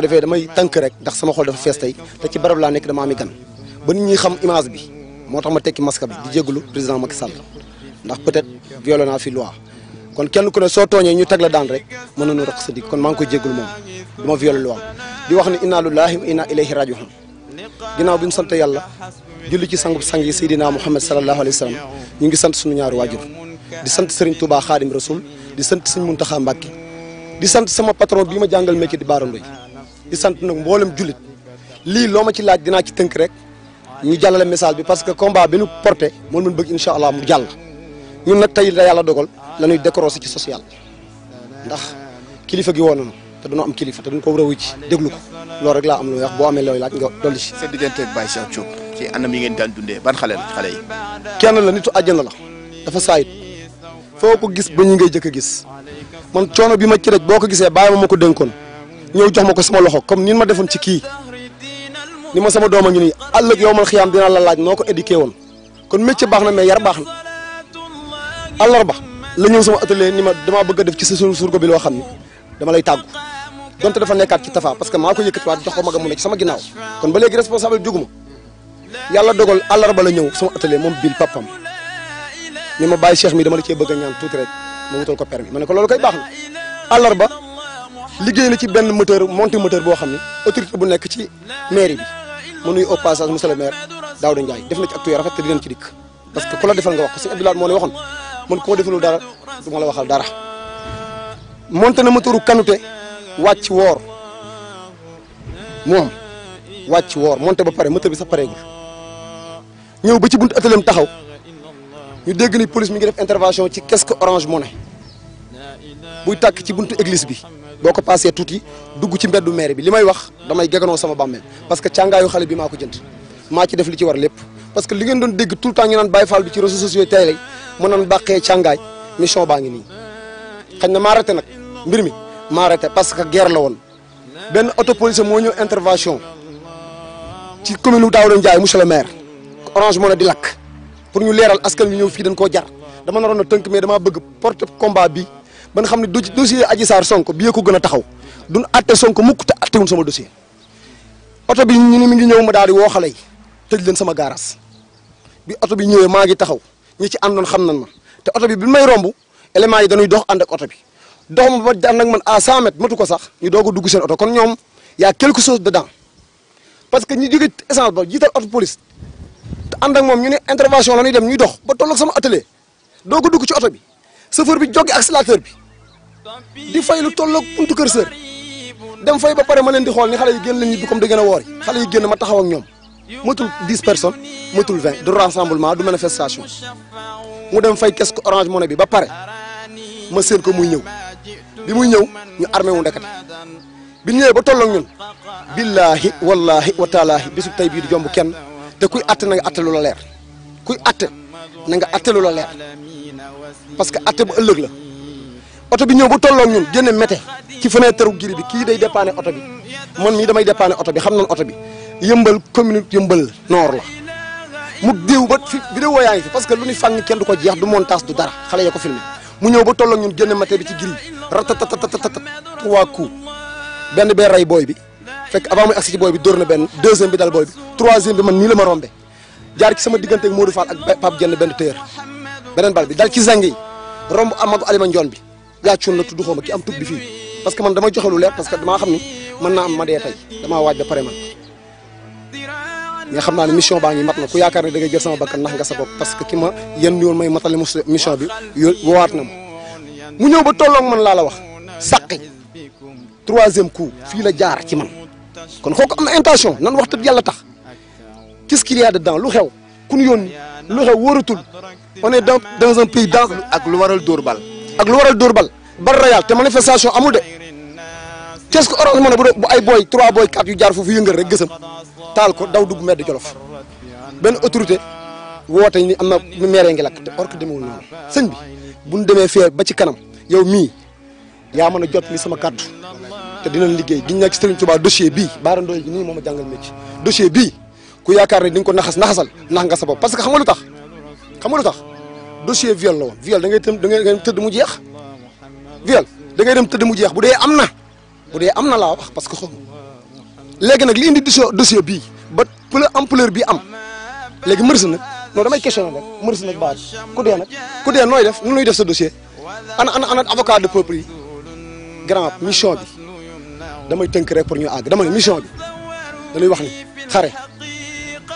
ko defee damay tënk rek ndax sama xol dafa fees te ci barab laa nekk dama ami gan ba nit ñi xam image bi moo tax ma tekki masque bi di jégalu président Macky Sall ndax peut-être fi loi kon kenn ku soo tooñee ñu teg la daan rek mën nañu raq sa dig kon maa koy jégalu moom du ma violé loi di wax ne inna lillahi wa inna ilayhi rajiun ginnaaw bi ñu sant yàlla julli ci sangu sang yi Seydina Muhammad sallallahu alayhi wa sallam ñu ngi sant suñu ñaari waajur di sant Serigne Touba Khadim Rasoul di sant Serigne ma jàngal métier di Bara Ndoye di sant nag mboolem jullit lii loo ma ci laaj dinaa ci tënk rek ñu jàllale message bi parce que combat bi nu porté moom mën bëgg incha allah mu jàll ñun nag tey la yàlla dogal la ñuy décorosé ci social ndax kilifa gi woon nañu te dañoo am kilifa te dañ ko war ci déglu ko loolu rek laa am lu wax boo amee looy laaj nga dolli ci. sa diggante ak Baye Cheikh Diop ci anam yi ngeen daan dundee ban xale la xale yi. kenn la nitu àjjana la dafa saayit foo ko gis ba ñu ngay jëkk a gis man coono bi ma ci rek boo ko gisee bàyyi ma ko dénkoon. ñëw jox ma ko sama loxo comme ni ma defoon ci kii ni ma sama doom a ngi nii ëllëg yow man xiyaam dinaa la laaj noo ko éduqué woon kon métier baax na mais yar baax na àllarba la ñëw sama atelier ni ma damaa bëgg def ci sa surgo bi loo xam ne dama lay tàggu donte dafa nekkaat ci tafa parce que maa ko yëkkatiwaat jox ko magam mu sama ginnaaw kon ba léegi responsable juguma yàlla dogal àllarba la ñëw sama atelee moom bil papam ni ma bàyyi cheikh mi dama la cee bëgg a ñaan tuuti rek ma wutal ko permis ma ne ko loolu koy baax na ba liggéey na ci benn moteur monté moteur boo xam ne autorité bu nekk ci mairie bi mu nuyu au passage monsieur le maire Daouda Ndiaye def na ci actu rafet te dinañ ci dikk parce que ku la defal nga wax ko sëñ Abdoulaye moo ne waxoon man ku ma defalul dara du ma la waxal dara monté na moteuru kanute wàcc woor moom wàcc woor monté ba pare moteur bi sax pareegul ñëw ba ci buntu atelier taxaw ñu dégg ni mi ngi def intervention ci casque orange monnaie buy tàkk ci buntu église bi boo ko passé tuuti dugg ci mbeddu maire bi li may wax damay geganoo sama bàmmeel parce que càngaayu xale bi maa ko jënd maa ci def li ci war lépp parce que li ngeen doon dégg tout le temps ñu naan Baye Fall bi ci réseaux sociaux lay mu naan bàqee càngaay mission baa ngi nii xañ na maa arrêté nag mbir mi maa arrêté parce que guerre la woon benn auto police moo ñëw intervention ci commune u Daouda Ndiaye monsieur le maire orange moo ne di lakk pour ñu leeral askan wi ñëw fii dañ koo jar dama naroon a tënk mais dama bëgg porte combat bi ba nga xam ne dossier Adji Sarr Sonko bi ko gën a taxaw duñ atte Sonko mukk te attewuñ sama dossier oto bi ñu ni mi ngi ñëw ma daal di woo xale yi tëj leen sama gaaraas bi oto bi ñëwee maa ngi taxaw ñu ci àndoon xam nañ ma te oto bi bi may romb éléments yi dañuy dox ànd ak oto bi dox ma ba ànd ak à 100 mètres matu ko sax ñu doog a dugg seen oto kon ñoom yaa a quelque de dedans parce que ñu jóge essence ba jiital oto police te ànd ak moom ñu ne intervention la ñuy dem ñuy dox ba toll sama atelier doog a dugg ci oto bi chauffeur bi jóge accélérateur bi di fay lu tolloog buntu kër sër dem fay ba pare ma leen di xool ni xale yi génn la ñibbi comme da gën a woori xale yi génn ma taxaw ak ñoom matul 10 personnes matul 20 du rassemblement du manifestation mu dem fay kees ko bi ba pare ma seen ko muy ñëw bi muy ñëw ñu armé wu ndekete bi ñëwee ba tolloog ñun billaahi wallaahi wa taalaahi bisub tey bii du jomb kenn te kuy atte na nga atte lu la leer kuy atte na nga atte lu la leer parce que atte bu ëllëg la oto bi ñëw ba tolloog ñun génne mété ci fenêtre giri bi kii day dépanner oto bi man mii damay dépanner oto bi xam nañ oto bi yëmbal commune yëmbal noor la mu déew ba fi vidéo yaa ngi fi parce que lu ñu fàng kenn du ko jeex du montage du dara xale ya ko filmé mu ñëw ba tolloog ñun génne mété bi ci giri bi ratatatatatata trois coups benn bee rey booy bi fekk avant muy agsi ci booy bi dóor na benn deuxième bi dal booy bi troisième bi man nii la ma rombe jaar ci sama diggante ak Modou bi dal ci zang yi romb Amadou Alima Ndion bi gàccoon la tudd xooma ki am tub bi fii parce que man dama joxe lu leer parce que damaa xam ni mën naa am ma dee tey damaa waaj ba pare man mais naa ne mission baa ngi mat na ku yaakaar ne da ngay jël sama bakkan ndax nga sa bopp parce que ki ma yenn yoon may matale mission bi yo woowaat na ma mu ñëw ba tolloog man laa la wax saqi troisième coup fii la jaar ci man kon kooku am na intention nan wax tëb yàlla tax ki ce qu'il y a lu xew ku ñu yónni lu xew wóoratul on est dans dans un pays dans ak lu waral door bal ak lu waral dóor bal bal royal te manifestation amul de Thiès ko orange mën a bu bu ay booy trois booy quatre yu jaar foofu yëngal rek gësam taal ko daw dugg mbedd Jolof benn autorité woote ni am na maire ngi lakk te or que demewul noonu sëñ bi bu ñu demee fee ba ci kanam mii yaa mën a jot li sama kàddu te dinañ liggéey giñ nekk Serigne Touba dossier bii Baara Ndoye gi nii moom a jàngal métier dossier bii ku yaakaar ne di ko naxas naxasal nax sa bopp parce que xam nga lu tax xam nga lu tax. dossier viol la woon viol da ngay tëm tëdd mu jeex viol da ngay dem tëdd mu jeex bu dee am na bu dee am na laa wax parce que xaw léegi nag li indi dossier bii ba am ampleur bi am léegi mërs nag non damay questionné rek mërs nag baax ku dee nag ku dee nooy def nu nuy def sa dossier ana ana ana avocat de peuple yi grand mission bi damay tënk rek pour ñu àgg damay mission bi dañuy wax ni xare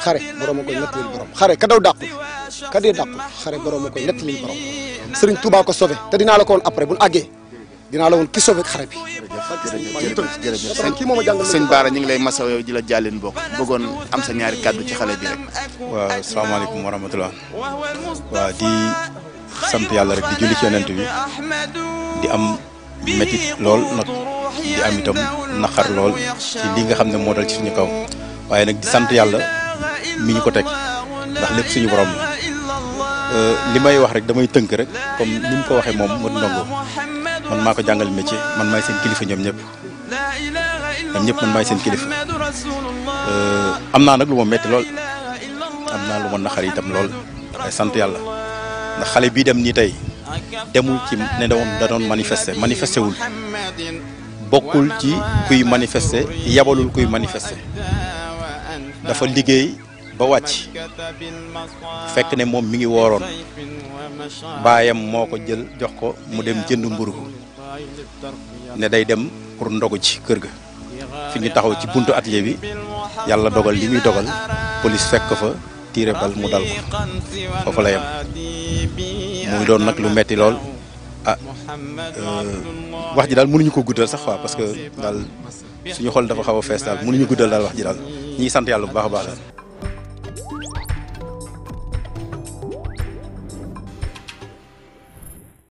xare borom a koy nettali borom xare ka daw dàqul ka dee dàqul xare borom koy nettali borom Serigne Touba ko sauvé te dinaa la ko woon après bu ñu àggee dinaa la woon ki sauvé xare bi. jërëjëf jërëjëf Baara ñu ngi lay masaw yow di la jàllin bokk bëggoon am sa ñaari kàddu ci xale bi rek. waaw salaamaaleykum wa rahmatulah waaw di sant yàlla rek di julli ci yonent bi di am métit lool nag di am itam naqar lool ci li nga xam ne moo ci suñu kaw waaye nag di sant yàlla. mi ñu ko teg ndax lépp suñu borom euh, li may wax rek damay tënk rek comme li mu ko waxee moom mu ndongo man maa ko jàngal ci man maay seen kilifa ñoom ñëpp ñoom ñëpp man maay seen kilifa euh, am naa nag lu ma metti lool am naa lu xar naqar itam lool ay sant yàlla ndax xale bii dem nii tey demul ci ne da da doon manifester manifester wul bokkul ci kuy manifester yabalul kuy manifester dafa liggéey ba wàcc fekk ne moom mi ngi wooroon baayam moo ko jël jox ko mu dem jënd mburu ne day dem pour ndogu ci kër ga fi ñu taxaw ci buntu atelier bi yàlla dogal li muy dogal police fekk fa tiire bal mu daal ko foofu la yem muy doon nag lu metti lool ah euh, wax ji daal mënuñu ko guddal sax waaw parce que daal suñu xol dafa xaw a fees daal mënuñu guddal daal wax ji daal ñi sant yàlla bu baax a baax daal